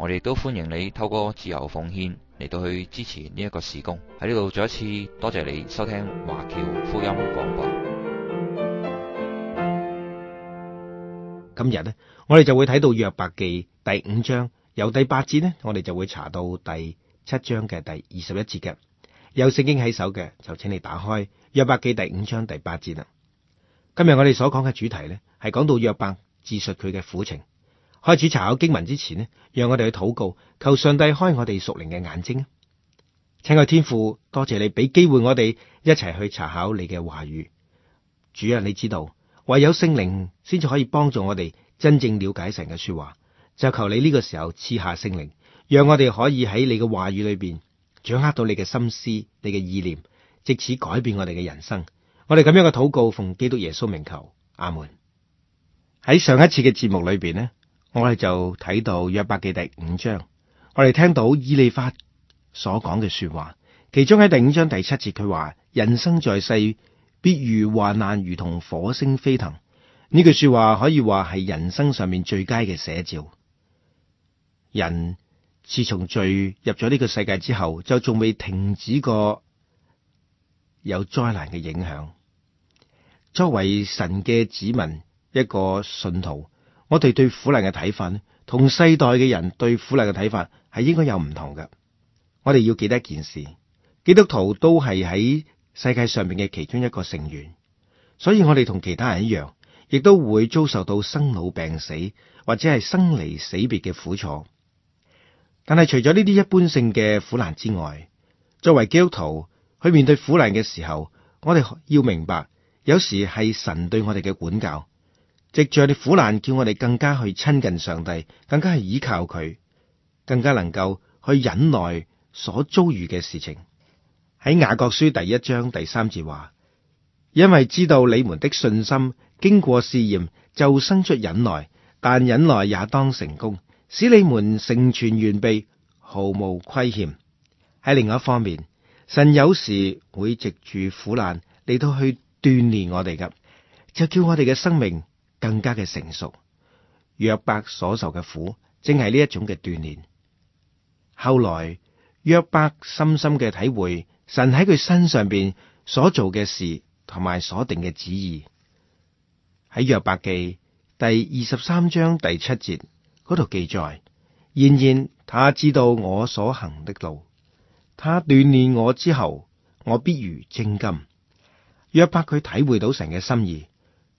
我哋都歡迎你透過自由奉獻嚟到去支持呢一個事工。喺呢度再一次多謝你收聽華僑福音廣播。今日呢，我哋就會睇到約伯記第五章由第八節呢，我哋就會查到第七章嘅第二十一節嘅。有聖經喺手嘅就請你打開約伯記第五章第八節啦。今日我哋所講嘅主題呢，係講到約伯自述佢嘅苦情。開始查考經文之前呢，讓我哋去禱告，求上帝開我哋屬靈嘅眼睛。親愛天父，多謝你俾機會我哋一齊去查考你嘅話語。主啊，你知道唯有聖靈先至可以幫助我哋真正了解神嘅說話。就求你呢個時候賜下聖靈，讓我哋可以喺你嘅話語裏邊掌握到你嘅心思、你嘅意念，借此改變我哋嘅人生。我哋咁樣嘅禱告，奉基督耶穌名求，阿門。喺上一次嘅節目裏邊呢。我哋就睇到約伯記第五章，我哋聽到以利法所講嘅說話，其中喺第五章第七節佢話：人生在世，必遇患難，如同火星飛騰。呢句說話可以話係人生上面最佳嘅寫照。人自從罪入咗呢個世界之後，就仲未停止過有災難嘅影響。作為神嘅子民，一個信徒。我哋對苦難嘅睇法，同世代嘅人對苦難嘅睇法係應該有唔同嘅。我哋要記得一件事：基督徒都係喺世界上面嘅其中一個成員，所以我哋同其他人一樣，亦都會遭受到生老病死或者係生離死別嘅苦楚。但係除咗呢啲一般性嘅苦難之外，作為基督徒去面對苦難嘅時候，我哋要明白，有時係神對我哋嘅管教。藉住你苦難，叫我哋更加去親近上帝，更加係依靠佢，更加能夠去忍耐所遭遇嘅事情。喺雅各書第一章第三節話：因為知道你們的信心經過試驗，就生出忍耐；但忍耐也當成功，使你們成全完備，毫無虧欠。喺另外一方面，神有時會藉住苦難嚟到去鍛煉我哋噶，就叫我哋嘅生命。更加嘅成熟，約伯所受嘅苦，正係呢一種嘅鍛煉。後來約伯深深嘅體會神喺佢身上邊所做嘅事同埋所定嘅旨意，喺約伯記第二十三章第七節嗰度記載：然而他知道我所行的路，他鍛煉我之後，我必如精金。約伯佢體會到神嘅心意，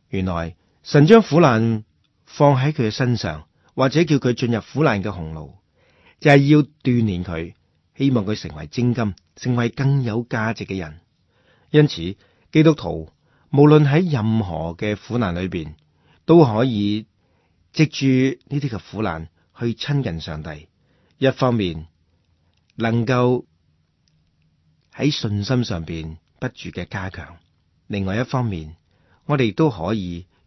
原來。神將苦難放喺佢嘅身上，或者叫佢進入苦難嘅洪爐，就係要鍛煉佢，希望佢成為精金，成為更有價值嘅人。因此，基督徒無論喺任何嘅苦難裏邊，都可以藉住呢啲嘅苦難去親近上帝。一方面能夠喺信心上邊不住嘅加強，另外一方面，我哋都可以。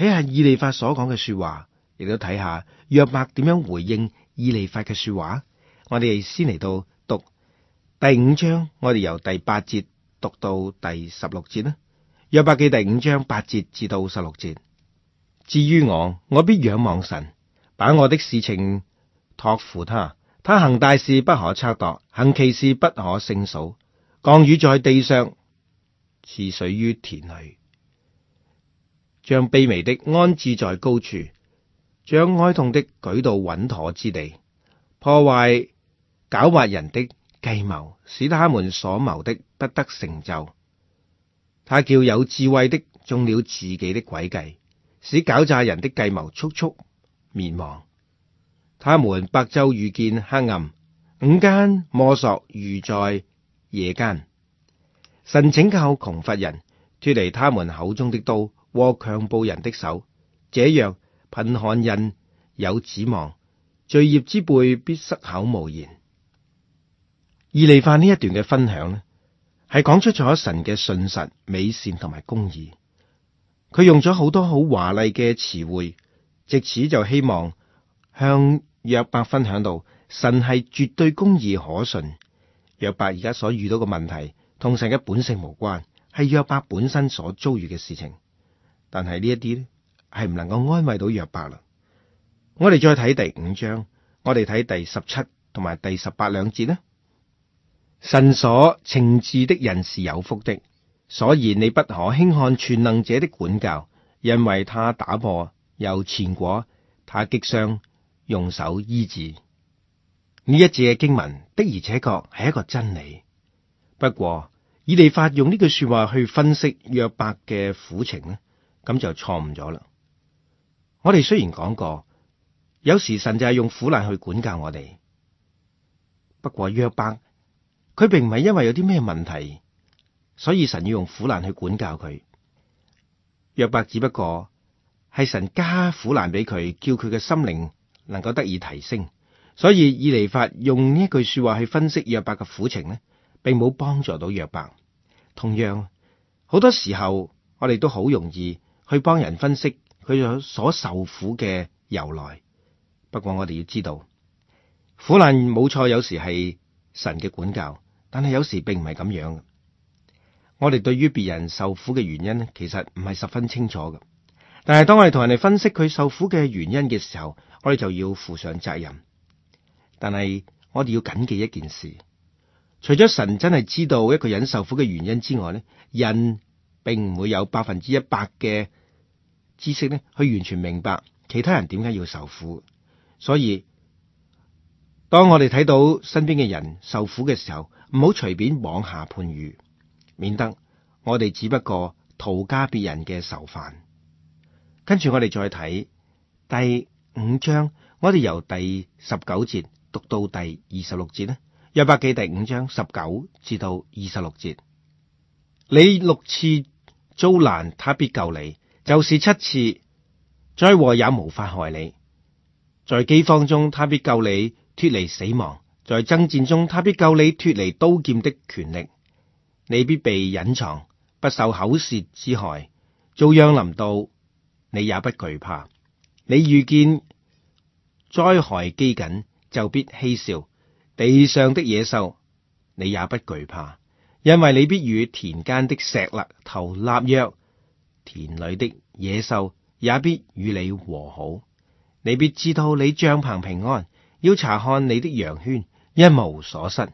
睇下以利法所講嘅說話，亦都睇下約伯點樣回應以利法嘅說話。我哋先嚟到讀第五章，我哋由第八節讀到第十六節啦。約伯嘅第五章八節至到十六節。至於我，我必仰望神，把我的事情託付他。他行大事不可測度，行奇事不可勝數。降雨在地上，賜水於田裏。將卑微的安置在高處，將哀痛的舉到穩妥之地，破壞狡猾人的計謀，使他們所謀的不得成就。他叫有智慧的中了自己的詭計，使狡詐人的計謀速速滅亡。他們白晝遇見黑暗，午間摸索，如在夜間。神拯救窮乏人，脫離他們口中的刀。和強暴人的手，這樣貧寒人有指望，罪孽之輩必失口無言。以利法呢一段嘅分享咧，係講出咗神嘅信實、美善同埋公義。佢用咗好多好華麗嘅詞彙，藉此就希望向約伯分享到神係絕對公義可信。約伯而家所遇到嘅問題，同神嘅本性無關，係約伯本身所遭遇嘅事情。但係呢一啲咧，係唔能夠安慰到約伯啦。我哋再睇第五章，我哋睇第十七同埋第十八兩節咧。神所懲治的人是有福的，所以你不可輕看全能者的管教，因為他打破又纏裹，他擊傷，用手醫治。呢一節嘅經文的而且確係一個真理。不過，以利法用呢句說話去分析約伯嘅苦情咧。咁就錯誤咗啦！我哋雖然講過，有時神就係用苦難去管教我哋。不過約伯，佢並唔係因為有啲咩問題，所以神要用苦難去管教佢。約伯只不過係神加苦難俾佢，叫佢嘅心靈能夠得以提升。所以以利法用呢句說話去分析約伯嘅苦情呢，並冇幫助到約伯。同樣，好多時候我哋都好容易。去幫人分析佢所受苦嘅由來。不過我哋要知道，苦難冇錯，有時係神嘅管教，但係有時並唔係咁樣。我哋對於別人受苦嘅原因其實唔係十分清楚嘅。但係當我哋同人哋分析佢受苦嘅原因嘅時候，我哋就要負上責任。但係我哋要謹記一件事：除咗神真係知道一個人受苦嘅原因之外咧，人並唔會有百分之一百嘅。知識呢，佢完全明白其他人點解要受苦，所以當我哋睇到身邊嘅人受苦嘅時候，唔好隨便妄下判語，免得我哋只不過徒加別人嘅愁煩。跟住我哋再睇第五章，我哋由第十九節讀到第二十六節呢，《約伯記》第五章十九至到二十六節，你六次遭難，他必救你。就是七次災禍也無法害你，在饑荒中他必救你脱離死亡，在爭戰中他必救你脫離刀劍的權力。你必被隱藏，不受口舌之害。遭殃臨到，你也不懼怕。你遇見災害饑饉，就必嬉笑。地上的野獸，你也不懼怕，因為你必與田間的石勒頭立約。田裏的野獸也必與你和好，你必知道你帳篷平安，要查看你的羊圈一無所失，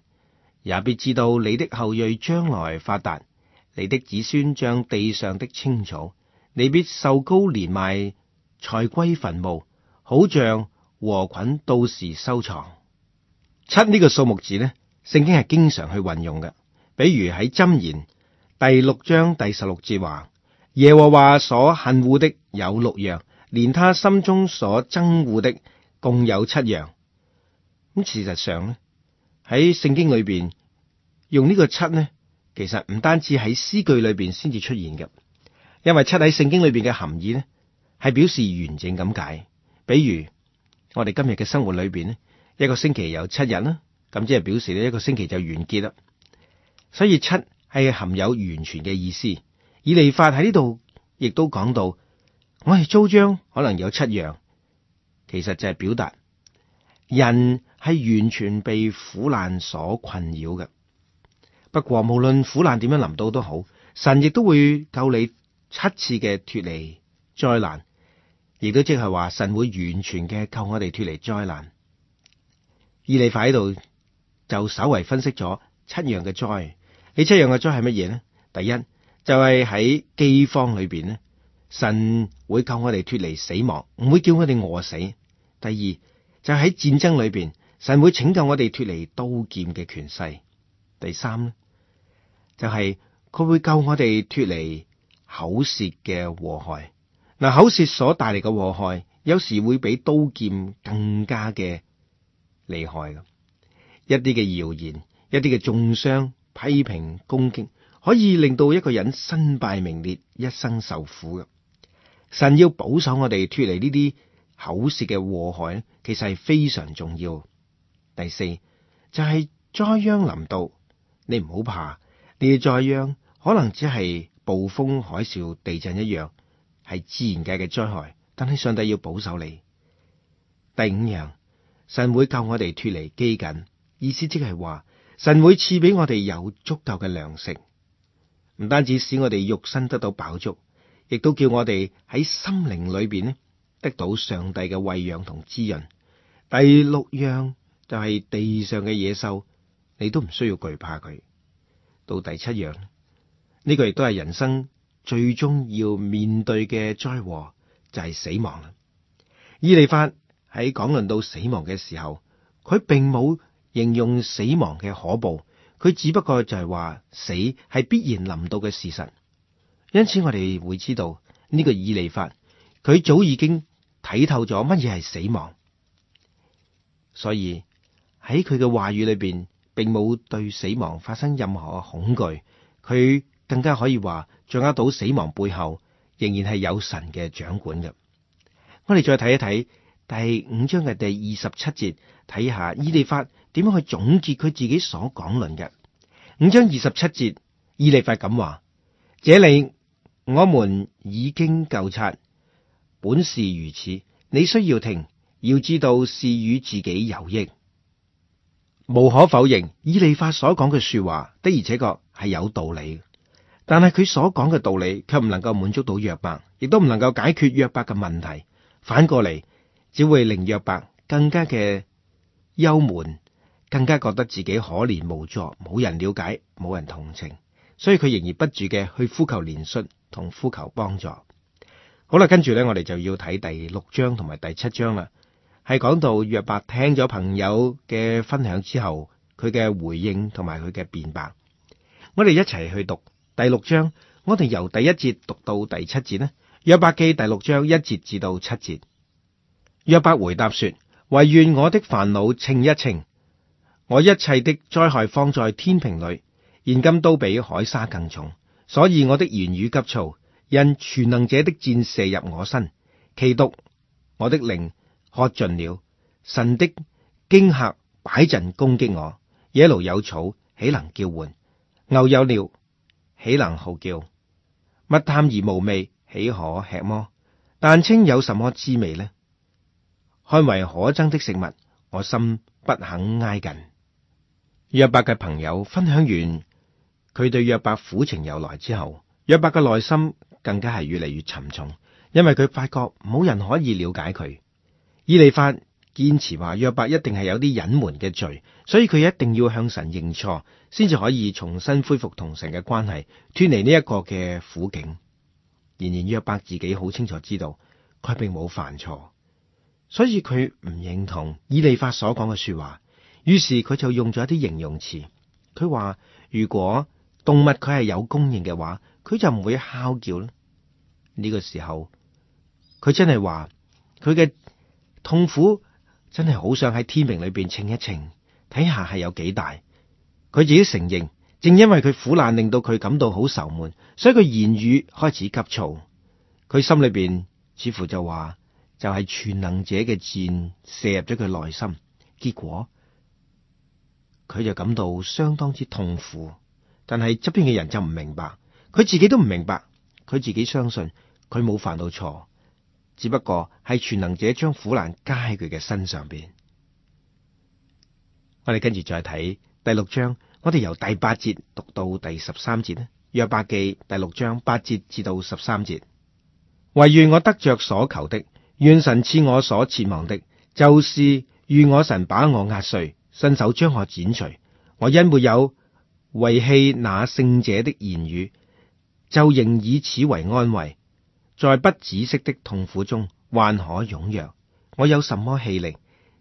也必知道你的後裔將來發達，你的子孫像地上的青草，你必壽高年邁才歸墳墓，好像禾捆到時收藏。七呢個數目字呢，聖經係經常去運用嘅，比如喺《箴言》第六章第十六節話。耶和華所恨惡的有六樣，連他心中所憎惡的共有七樣。咁事實上呢，喺聖經裏邊用呢個七呢，其實唔單止喺詩句裏邊先至出現嘅，因為七喺聖經裏邊嘅含義呢，係表示完整咁解。比如我哋今日嘅生活裏邊呢，一個星期有七日啦，咁即係表示呢一個星期就完結啦。所以七係含有完全嘅意思。以利法喺呢度亦都講到，我哋遭殃可能有七樣，其實就係表達人係完全被苦難所困擾嘅。不過無論苦難點樣臨到都好，神亦都會救你七次嘅脫離災難，亦都即係話神會完全嘅救我哋脫離災難。以利法喺度就稍為分析咗七樣嘅災，你七樣嘅災係乜嘢呢？第一。就係喺饑荒裏邊咧，神會救我哋脱離死亡，唔會叫我哋餓死。第二就喺戰爭裏邊，神會拯救我哋脱離刀劍嘅權勢。第三咧，就係佢會救我哋脱離口舌嘅禍害。嗱，口舌所帶嚟嘅禍害，有時會比刀劍更加嘅厲害噶。一啲嘅謠言，一啲嘅重傷、批評、攻擊。可以令到一個人身敗名裂，一生受苦嘅。神要保守我哋脫離呢啲口舌嘅禍害，其實係非常重要。第四就係災殃臨到，你唔好怕，你個災殃可能只係暴風、海嘯、地震一樣係自然界嘅災害，但係上帝要保守你。第五樣，神會救我哋脫離飢饉，意思即係話神會賜俾我哋有足夠嘅糧食。唔單止使我哋肉身得到飽足，亦都叫我哋喺心靈裏邊咧得到上帝嘅餵養同滋潤。第六樣就係地上嘅野獸，你都唔需要懼怕佢。到第七樣呢？呢個亦都係人生最終要面對嘅災禍，就係死亡啦。以利法喺講論到死亡嘅時候，佢並冇形容死亡嘅可怖。佢只不過就係話死係必然臨到嘅事實，因此我哋會知道呢個以利法，佢早已經睇透咗乜嘢係死亡，所以喺佢嘅話語裏邊，並冇對死亡發生任何恐懼。佢更加可以話掌握到死亡背後仍然係有神嘅掌管嘅。我哋再睇一睇。第五章嘅第二十七節，睇下以利法點樣去總結佢自己所講論嘅。五章二十七節，以利法咁話：這裏我們已經考察，本是如此。你需要停，要知道是與自己有益。無可否認，以利法所講嘅說話的而且確係有道理，但係佢所講嘅道理卻唔能夠滿足到約伯，亦都唔能夠解決約伯嘅問題。反過嚟，只會令約伯更加嘅憂悶，更加覺得自己可憐無助，冇人了解，冇人同情，所以佢仍然不住嘅去呼求憐恤同呼求幫助。好啦，跟住呢，我哋就要睇第六章同埋第七章啦，係講到約伯聽咗朋友嘅分享之後，佢嘅回應同埋佢嘅辯白。我哋一齊去讀第六章，我哋由第一節讀到第七節咧。約伯記第六章一節至到七節。約伯回答說：唯願我的煩惱稱一稱，我一切的災害放在天平裏，現今都比海沙更重。所以我的言語急躁，因全能者的箭射入我身，其毒我的靈喝盡了。神的驚嚇擺陣攻擊我，野驢有草豈能叫喚？牛有料豈能號叫？物淡而無味，豈可吃麼？蛋清有什麼滋味呢？看為可憎的食物，我心不肯挨近。約伯嘅朋友分享完佢對約伯苦情由來之後，約伯嘅內心更加係越嚟越沉重，因為佢發覺冇人可以了解佢。以利法堅持話約伯一定係有啲隱瞞嘅罪，所以佢一定要向神認錯，先至可以重新恢復同神嘅關係，脱離呢一個嘅苦境。然而約伯自己好清楚知道，佢並冇犯錯。所以佢唔認同以利法所講嘅說話，於是佢就用咗一啲形容詞。佢話如果動物佢係有供應嘅話，佢就唔會嚎叫啦。呢、呢個時候，佢真係話佢嘅痛苦真係好想喺天平裏邊稱一稱，睇下係有幾大。佢自己承認，正因為佢苦難令到佢感到好愁悶，所以佢言語開始急躁。佢心裏邊似乎就話。就係全能者嘅箭射入咗佢內心，結果佢就感到相當之痛苦。但係側邊嘅人就唔明白，佢自己都唔明白。佢自己相信佢冇犯到錯，只不過係全能者將苦難加喺佢嘅身上邊。我哋跟住再睇第六章，我哋由第八節讀到第十三節咧，《約伯記》第六章八節至到十三節，唯願我得着所求的。願神賜我所切望的，就是願我神把我壓碎，伸手將我剪除。我因沒有遺棄那聖者的言語，就仍以此為安慰，在不止息的痛苦中，還可踊躍。我有什麼氣力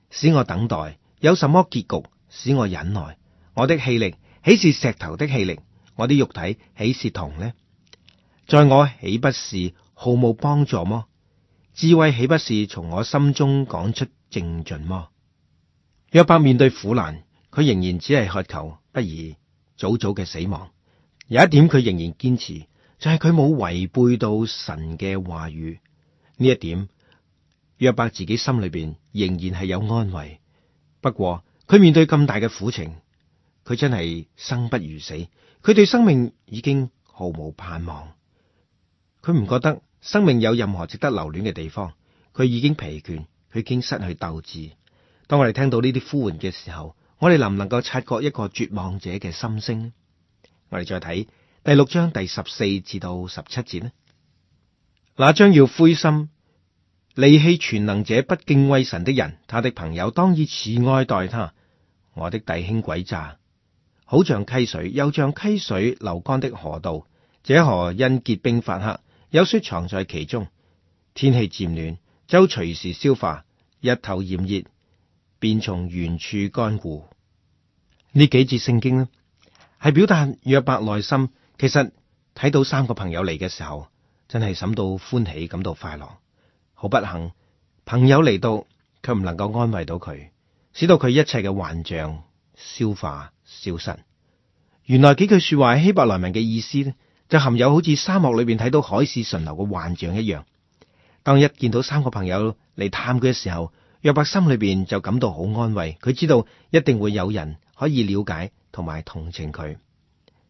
使我等待？有什麼結局使我忍耐？我的氣力豈是石頭的氣力？我的肉體豈是銅呢？在我豈不是毫無幫助麼？智慧豈不是從我心中講出正盡麼？約伯面對苦難，佢仍然只係渴求不，不如早早嘅死亡。有一點佢仍然堅持，就係佢冇違背到神嘅話語。呢一點，約伯自己心裏邊仍然係有安慰。不過佢面對咁大嘅苦情，佢真係生不如死。佢對生命已經毫無盼望。佢唔覺得。生命有任何值得留戀嘅地方？佢已經疲倦，佢已經失去鬥志。當我哋聽到呢啲呼喚嘅時候，我哋能唔能夠察覺一個絕望者嘅心聲呢？我哋再睇第六章第十四至到十七節呢？那將要灰心、離棄全能者、不敬畏神的人，他的朋友當以慈愛待他。我的弟兄詭詐，好像溪水，又像溪水流乾的河道。這河因結冰發黑。有雪藏在其中，天氣漸暖就隨時消化，日頭炎熱便從原處乾涸。呢幾節聖經呢，係表達約伯內心。其實睇到三個朋友嚟嘅時候，真係感到歡喜，感到快樂。好不幸，朋友嚟到卻唔能夠安慰到佢，使到佢一切嘅幻象消化消失。原來幾句說話希伯來文嘅意思咧。就含有好似沙漠裏面睇到海市蜃樓嘅幻象一樣。當一見到三個朋友嚟探佢嘅時候，約伯心裏邊就感到好安慰，佢知道一定會有人可以了解同埋同情佢。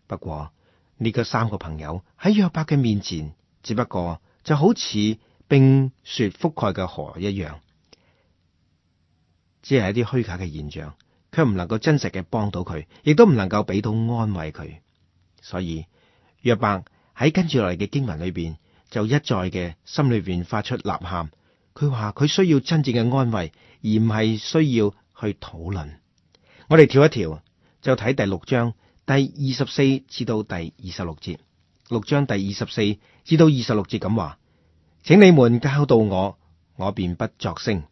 不過呢個三個朋友喺約伯嘅面前，只不過就好似冰雪覆蓋嘅河一樣，只係一啲虛假嘅現象，卻唔能夠真實嘅幫到佢，亦都唔能夠俾到安慰佢，所以。約伯喺跟住嚟嘅經文裏邊，就一再嘅心裏邊發出吶喊。佢話佢需要真正嘅安慰，而唔係需要去討論。我哋調一調，就睇第六章第二十四至到第二十六節。六章第二十四至到二十六節咁話，請你們教導我，我便不作聲，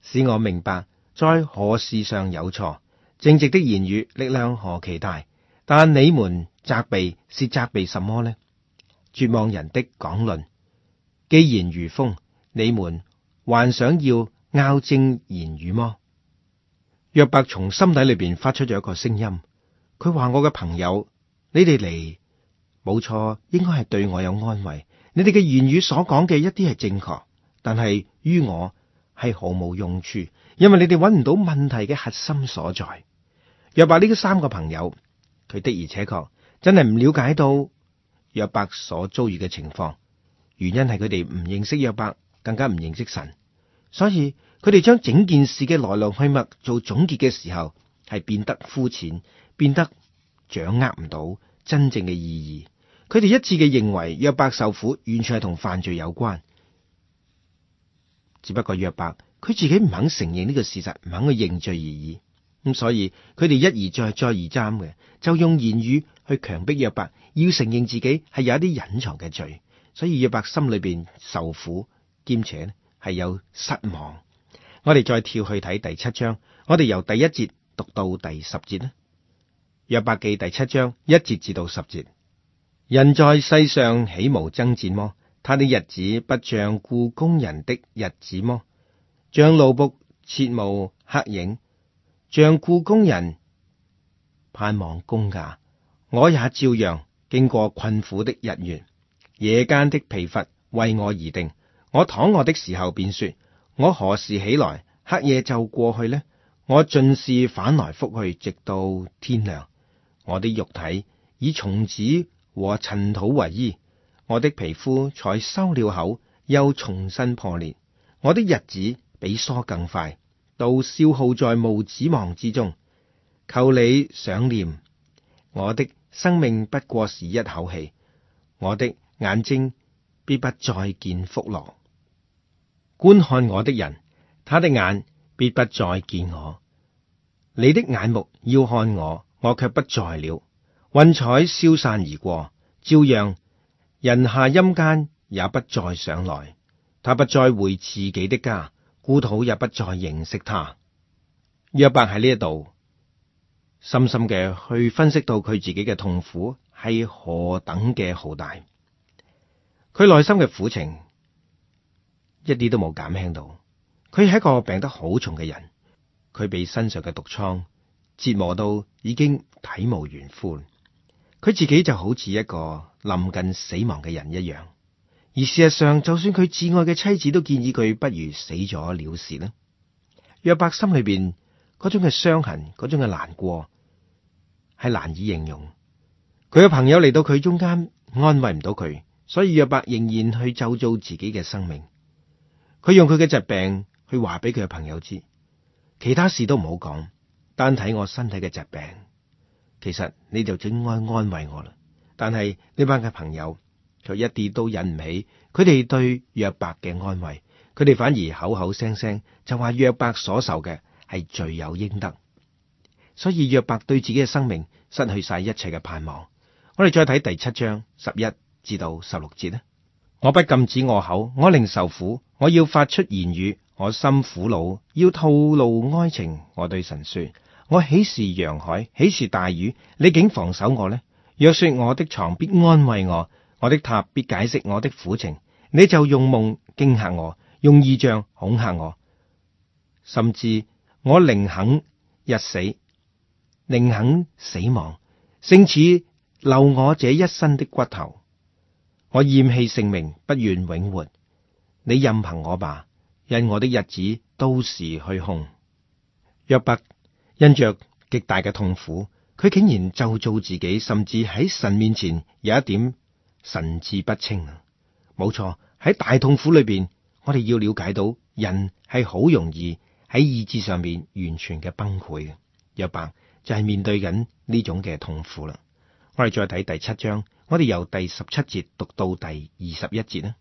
使我明白在何事上有錯。正直的言語力量何其大。但你們責備是責備什麼呢？絕望人的講論，既然如風，你們還想要拗正言語麼？約伯從心底裏邊發出咗一個聲音，佢話：我嘅朋友，你哋嚟冇錯，應該係對我有安慰。你哋嘅言語所講嘅一啲係正確，但係於我係毫無用處，因為你哋搵唔到問題嘅核心所在。約伯呢啲三個朋友。佢的而且確真係唔了解到約伯所遭遇嘅情況，原因係佢哋唔認識約伯，更加唔認識神，所以佢哋將整件事嘅來龍去脈做總結嘅時候，係變得膚淺，變得掌握唔到真正嘅意義。佢哋一致嘅認為約伯受苦完全係同犯罪有關，只不過約伯佢自己唔肯承認呢個事實，唔肯去認罪而已。咁所以佢哋一而再，再而三嘅就用言語去強迫約伯，要承認自己係有一啲隱藏嘅罪。所以約伯心裏邊受苦，兼且係有失望。我哋再跳去睇第七章，我哋由第一節讀到第十節啦。約伯記第七章一節至到十節，人在世上豈無爭戰麼？他的日子不像雇工人的日子麼？像奴僕切慕黑影。像雇工人盼望工價，我也照樣經過困苦的日月。夜間的疲乏為我而定，我躺臥的時候便說：我何時起來？黑夜就過去呢，我盡是返來覆去，直到天亮。我的肉體以蟲子和塵土為衣，我的皮膚才收了口，又重新破裂。我的日子比梳更快，都消耗在無指望之中，求你想念我的生命不過是一口氣，我的眼睛必不再見福樂，觀看我的人，他的眼必不再見我，你的眼目要看我，我卻不在了，雲彩消散而過，照樣人下陰間也不再上來，他不再回自己的家。故土也不再認識他。約伯喺呢一度，深深嘅去分析到佢自己嘅痛苦係何等嘅浩大，佢內心嘅苦情一啲都冇減輕到。佢係一個病得好重嘅人，佢被身上嘅毒瘡折磨到已經體無完膚，佢自己就好似一個臨近死亡嘅人一樣。而事實上，就算佢至愛嘅妻子都建議佢不如死咗了，了事呢。約伯心裏邊嗰種嘅傷痕，嗰種嘅難過，係難以形容。佢嘅朋友嚟到佢中間，安慰唔到佢，所以約伯仍然去咒詛自己嘅生命。佢用佢嘅疾病去話俾佢嘅朋友知，其他事都唔好講，單睇我身體嘅疾病，其實你就盡愛安慰我啦。但係呢班嘅朋友。卻一啲都引唔起，佢哋對約伯嘅安慰，佢哋反而口口聲聲就話約伯所受嘅係罪有應得，所以約伯對自己嘅生命失去晒一切嘅盼望。我哋再睇第七章十一至到十六節咧，我不禁止我口，我靈愁苦，我要發出言語，我心苦惱，要吐露哀情。我對神說：我豈是洋海，豈是大雨？你竟防守我咧？若說我的床必安慰我。我的榻必解釋我的苦情，你就用夢驚嚇我，用異象恐嚇我，甚至我寧肯日死，寧肯死亡，勝似留我這一身的骨頭。我厭棄性命，不願永活。你任憑我吧，因我的日子都是虛空。約伯因着極大嘅痛苦，佢竟然就做自己，甚至喺神面前有一點，神志不清啊！冇錯，喺大痛苦裏邊，我哋要了解到人係好容易喺意志上面完全嘅崩潰嘅。約伯就係面對緊呢種嘅痛苦啦。我哋再睇第七章，我哋由第十七節讀到第二十一節啦。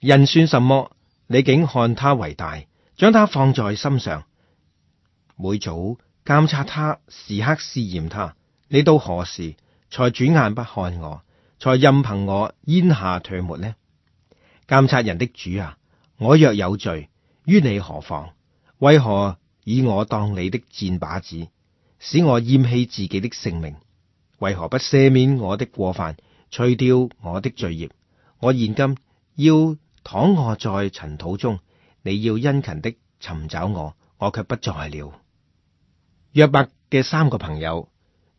人算什麼？你竟看他為大，將他放在心上，每早監察他，時刻試驗他。你到何時才轉眼不看我？才任憑我咽下唾沫呢？監察人的主啊，我若有罪，於你何妨？為何以我當你的箭靶子，使我厭棄自己的性命？為何不赦免我的過犯，除掉我的罪孽，我現今要躺臥在塵土中，你要殷勤的尋找我，我卻不在了。約伯嘅三個朋友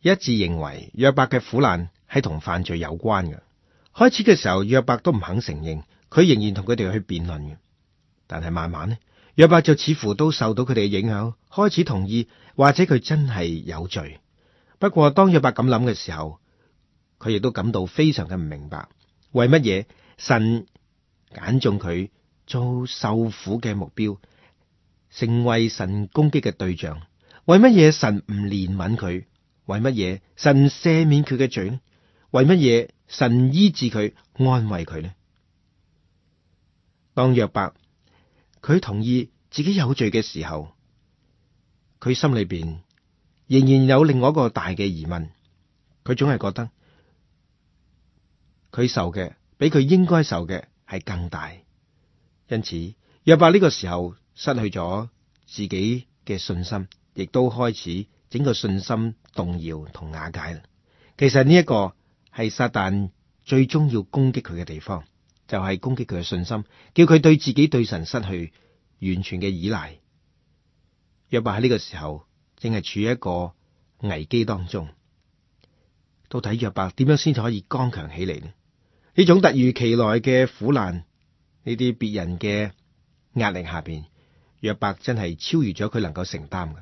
一致認為約伯嘅苦難，係同犯罪有關嘅。開始嘅時候，約伯都唔肯承認，佢仍然同佢哋去辯論嘅。但係慢慢呢，約伯就似乎都受到佢哋嘅影響，開始同意或者佢真係有罪。不過當約伯咁諗嘅時候，佢亦都感到非常嘅唔明白，為乜嘢神揀中佢做受苦嘅目標，成為神攻擊嘅對象？為乜嘢神唔憐憫佢？為乜嘢神赦免佢嘅罪？為乜嘢神醫治佢，安慰佢呢？當約伯佢同意自己有罪嘅時候，佢心裏邊仍然有另外一個大嘅疑問，佢總係覺得佢受嘅比佢應該受嘅係更大，因此約伯呢個時候失去咗自己嘅信心，亦都開始整個信心動搖同瓦解啦。其實呢、這、一個。係撒旦最終要攻擊佢嘅地方，就係、是、攻擊佢嘅信心，叫佢對自己對神失去完全嘅依賴。約伯喺呢個時候正係處喺一個危機當中，到底約伯點樣先至可以剛強起嚟呢？呢種突如其來嘅苦難，呢啲別人嘅壓力下邊，約伯真係超越咗佢能夠承擔嘅。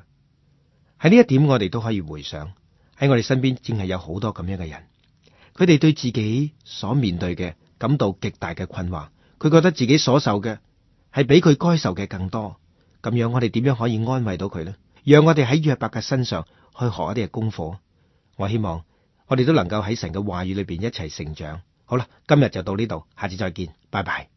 喺呢一點，我哋都可以回想喺我哋身邊正係有好多咁樣嘅人。佢哋對自己所面對嘅感到極大嘅困惑，佢覺得自己所受嘅係比佢該受嘅更多。咁樣我哋點樣可以安慰到佢呢？讓我哋喺約伯嘅身上去學一啲嘅功課。我希望我哋都能夠喺神嘅話語裏邊一齊成長。好啦，今日就到呢度，下次再見，拜拜。